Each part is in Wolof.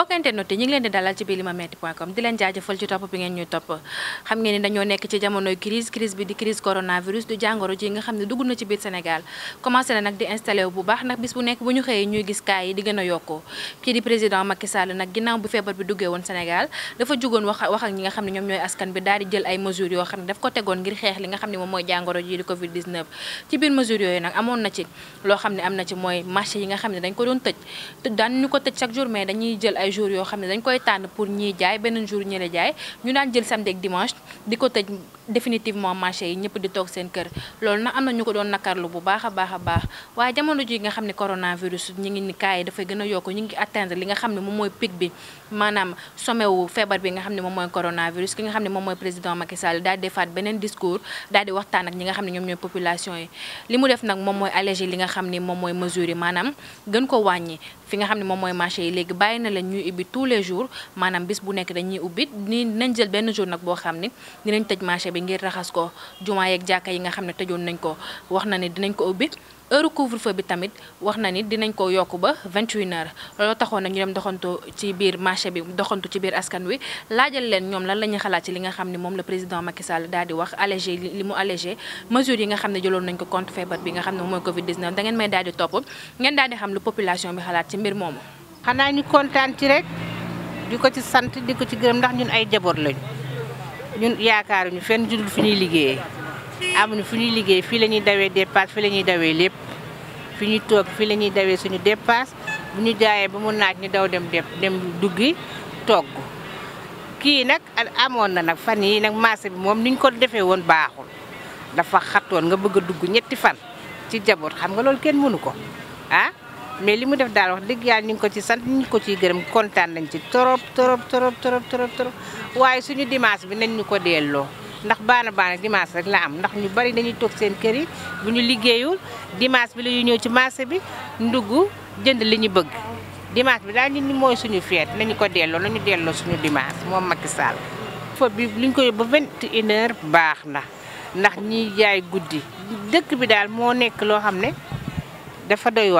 mbokk internet yi ñu leen di dalal ci biir limametti.com di leen jaajëfal ci topp bi ngeen ñuy topp xam ngeen dañoo nekk ci jamonoy crise crise bi di crise coronavirus du jàngoro ji nga xam ne dafa jugoon wax ñi nga xam ne ñoom ñooy askan bi daal di jël ay mesures yoo xam ne daf ko tegoon ngir xeex li nga xam ne moom mooy jàngoro ji di covid ci biir mesures yooyu nag amoon na ci loo xam ne am na ci mooy marché yi nga xam ne dañ ay jours yoo xam ne dañ koy tànn pour ñiy jaay beneen jour ñële jaay ñu daan jël samedi ak dimanche di ko tëj définitivement marché yi ñëpp di toog seen kër loolu am ñu ko doon nakarlu bu a baax nga coronavirus ñi ngi ni dafay gën a yokk ngi atteindre li nga pic bi sommet wu bi nga coronavirus ki nga xam ne président Macky Sall daal discours daal di waxtaan ak population yi li def nag moom mooy alléger li nga xam ne moom mooy mesures gën ko fi marché yi la tous les jours bu dañuy ni nañ jël benn jour nag boo xam marché bi ngir raxas ko jumaa yeeg jàkka yi nga xam ne tëjoon nañ ko wax na ne dinañ ko ubbi heure couvre-feu bi tamit wax na ni dinañ ko yokk ba 21h looloo taxoon na ñu dem doxantu ci biir marché bi doxantu ci biir askan wi laajal leen ñoom lan la ñuy xalaat ci li nga xam ne moom la président Macky Sall daal di wax allégé li mu allégé mesures yi nga xam ne jëloon nañ ko contre feebar bi nga xam ne mooy Covid 19 da ngeen may daal di topp ngeen daal di xam lu population bi xalaat ci mbir moomu. xanaa ñu kontaan ci rek di ko ci sant di ko ci gërëm ndax ñun ay jaboot lañu. ñun yaakaaruñu fenn judul fi ñuy liggéeyee na fi ñuy liggéey fii lañuy dawee dépasse fii la ñuy dawee lépp fi ñuy toog fii la ñuy dawee suñu dépasse bu ñu jaayee ba mu naaj ñu daw dem dem duggi togg kii nag amoon na nag fan yi nag marché bi moom niñ ko defee woon baaxul dafa xattoon nga bëgg a dugg ñetti fan ci jaboot xam nga loolu kenn mënu ko ah mais li mu def daal wax dëgg yàlla ñu ngi ko ci sant ñu ngi ko ciy gërëm kontaan nañ ci trop trop trop trop trop waaye suñu dimanche bi nañ ñu ko delloo ndax baana baana dimanche rek la am ndax ñu bari dañuy toog seen kër yi bu ñu liggéeyul dimanche bi la ñuy ñëw ci marché bi ndugg jënd li ñu bëgg dimanche bi daal ñun ni mooy suñu fête nañu ko delloo nañu delloo suñu dimanche moom Macky Sall fa bi liñ ko yóbbu ba vingt et une baax na ndax ñiy jaay guddi dëkk bi daal moo nekk loo xam ne dafa doy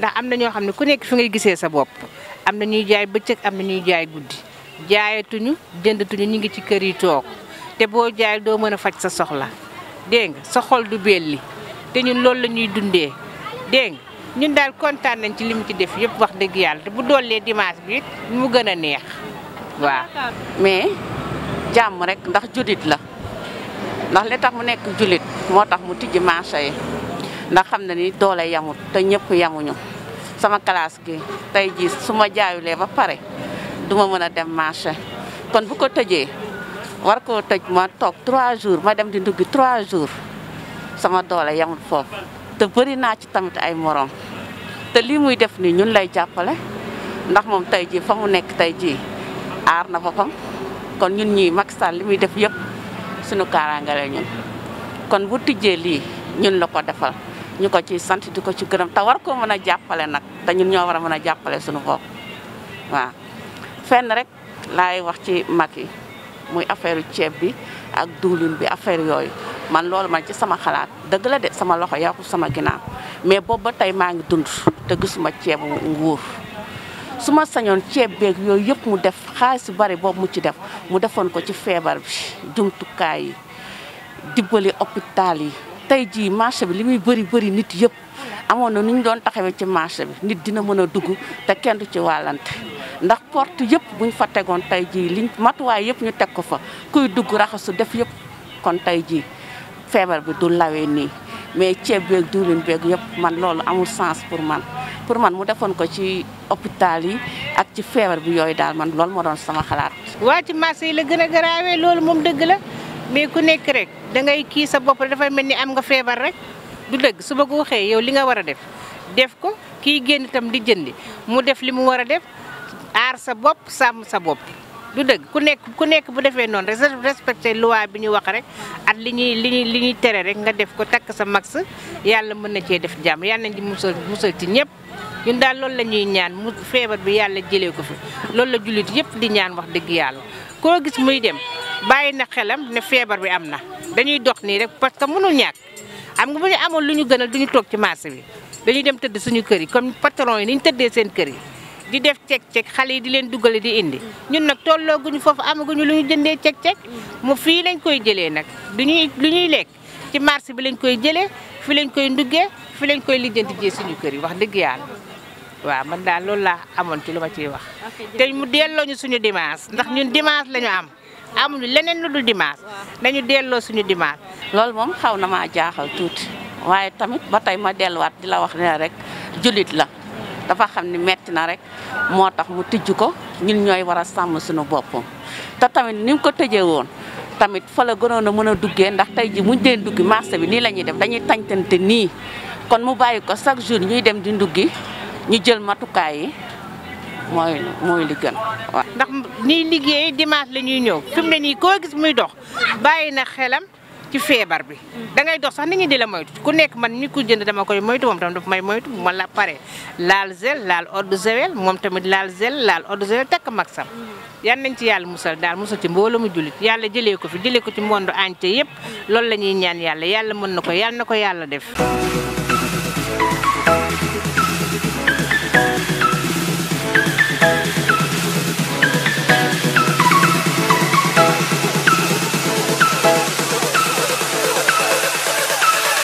ndax am na ñoo xam ne ku nekk fi ngay gisee sa bopp am na ñuy jaay bëccëg am na ñuy jaay guddi jaayatuñu jëndatuñu ñu ngi ci kër yi toog te boo jaay doo mën a faj sa soxla dégg sa xol du belli te ñun loolu lañuy dundee dégg ñun daal kontaan nañ ci li mu ci def yëpp wax dëgg yàlla te bu dollee dimanche bi it mu gën a neex waaw. mais jàmm rek ndax julit la ndax li tax mu nekk julit moo tax mu tijji marché yi. ndax xam na ni doole yamut te ñëpp yamuñu sama classe gi tey jii su ma jaayulee ba pare duma mën a dem marché kon bu ko tëjee war ko tëj ma toog 3 jours ma dem di nduggi trois jours sama doole yamut foofu te bëri naa ci tamit ay morom te lii muy def nii ñun lay jàppale ndax moom tey ji fa mu nekk tey jii aar na boppam kon ñun ñii mag Sall li muy def yëpp suñu kaaraange la ñun kon bu tijjee lii ñun la ko defal ñu ko ci sant di ko ci gërëm te war koo mën a jàppale nag te ñun ñoo war a mën a jàppale suñu bopp waaw fenn rek laay wax ci mag yi muy affaire ceeb bi ak diwlin bi affaire yooyu man loolu man ci sama xalaat dëgg la de sama loxo yàqu sama ginnaaw mais boobu ba tey maa ngi dund te gisuma ceebu nguur su ma sañoon ceeb beeg yooyu yëpp mu def xaalis bu bari boobu mu ci def mu defoon ko ci feebar bi jumtukaay yi dibbali hôpital yi tey jii marché bi li muy bëri bëri nit yëpp amoon na nu ñu doon taxawee ci marché bi nit dina mën a dugg te kenn du ci wàllante ndax porte yëpp buñ fa tegoon tey jii liñ matuwaay yëpp ñu teg ko fa kuy dugg raxasu def yëpp kon tey jii feebar bi du lawee nii mais ceeb beeg diwlin beeg yëpp man loolu amul sens pour man pour man mu defoon ko ci hôpital yi ak ci feebar bi yooyu daal man lool moo doon sama xalaat. waa ci marché yi la gën a garaawee loolu moom dëgg mais ku nek rek da ngay ki sa bop da fay melni am nga febar rek du deug suba ko waxe yow li nga wara def def ko ki genn tam di jëndi mu def li mu wara def ar sa bop sam sa bop du deug ku nek ku nek bu defé non rek respecté loi bi ñu wax rek at li ñi li ñi li ñi téré rek nga def ko tak sa max yalla mën na cee def jàmm yàlla nañ ci musal ti ci ñëpp ñun daal lool la ñuy ñaan mu feebar bi yalla jëlé ko fi lool la julit yépp di ñaan wax dëgg yalla ko gis muy dem bàyyi na xelam ne feebar bi am na dañuy dox nii rek parce que mënul ñàkk xam nga bu ñu amoon lu ñu gënal duñu toog ci marché bi dañuy dem tëdd suñu kër yi comme patron yi ni ñu tëddee seen kër yi di def cek-cek xale yi di leen dugale di indi ñun nag tollooguñu foofu amaguñu lu ñu jëndee cek-cek mu fii lañ koy jëlee nag du ñuy lu ñuy lekk ci marché bi lañ koy jëlee fi lañ koy nduggee fi lañ koy lijjanti jee suñu kër yi wax dëgg yàlla waaw man daal loolu laa amoon ci lu ma ciy wax te mu dellooñu suñu dimanche ndax ñun dimanche la ñu am amuñu leneen lu dul dimanche nañu delloo suñu dimanche. loolu moom xaw na maa jaaxal tuuti waaye tamit ba tey ma delluwaat di la wax ne rek jullit la dafa xam ni metti na rek moo tax mu tijj ko ñun ñooy war a sàmm suñu boppam te tamit ni mu ko tëjee woon. tamit fa la gënoon a mën a duggee ndax tey ji muñ deen duggi marché bi nii la ñuy def dañuy tañtante nii kon mu bàyyi ko chaque jour ñuy dem di nduggi ñu jël matukaay yi mooy mooy li gën waaw. ndax ni liggéey dimanche la ñuy ñëw fi mu ne nii koo gis muy dox bàyyi na xelam ci feebar bi. da ngay dox sax nit ñi di la moytu ku nekk man ni ko jënd dama koy moytu moom tam daf may moytu ma la pare laal zel laal eau de javel moom tamit laal zel laal eau de takk mag yan nañ ci yàlla musal daal musal ci mbooloo mu jullit yàlla jëlee ko fi jëlee ko ci monde entier yëpp loolu la ñuy ñaan yàlla yàlla mën na ko yàlla na ko yàlla def.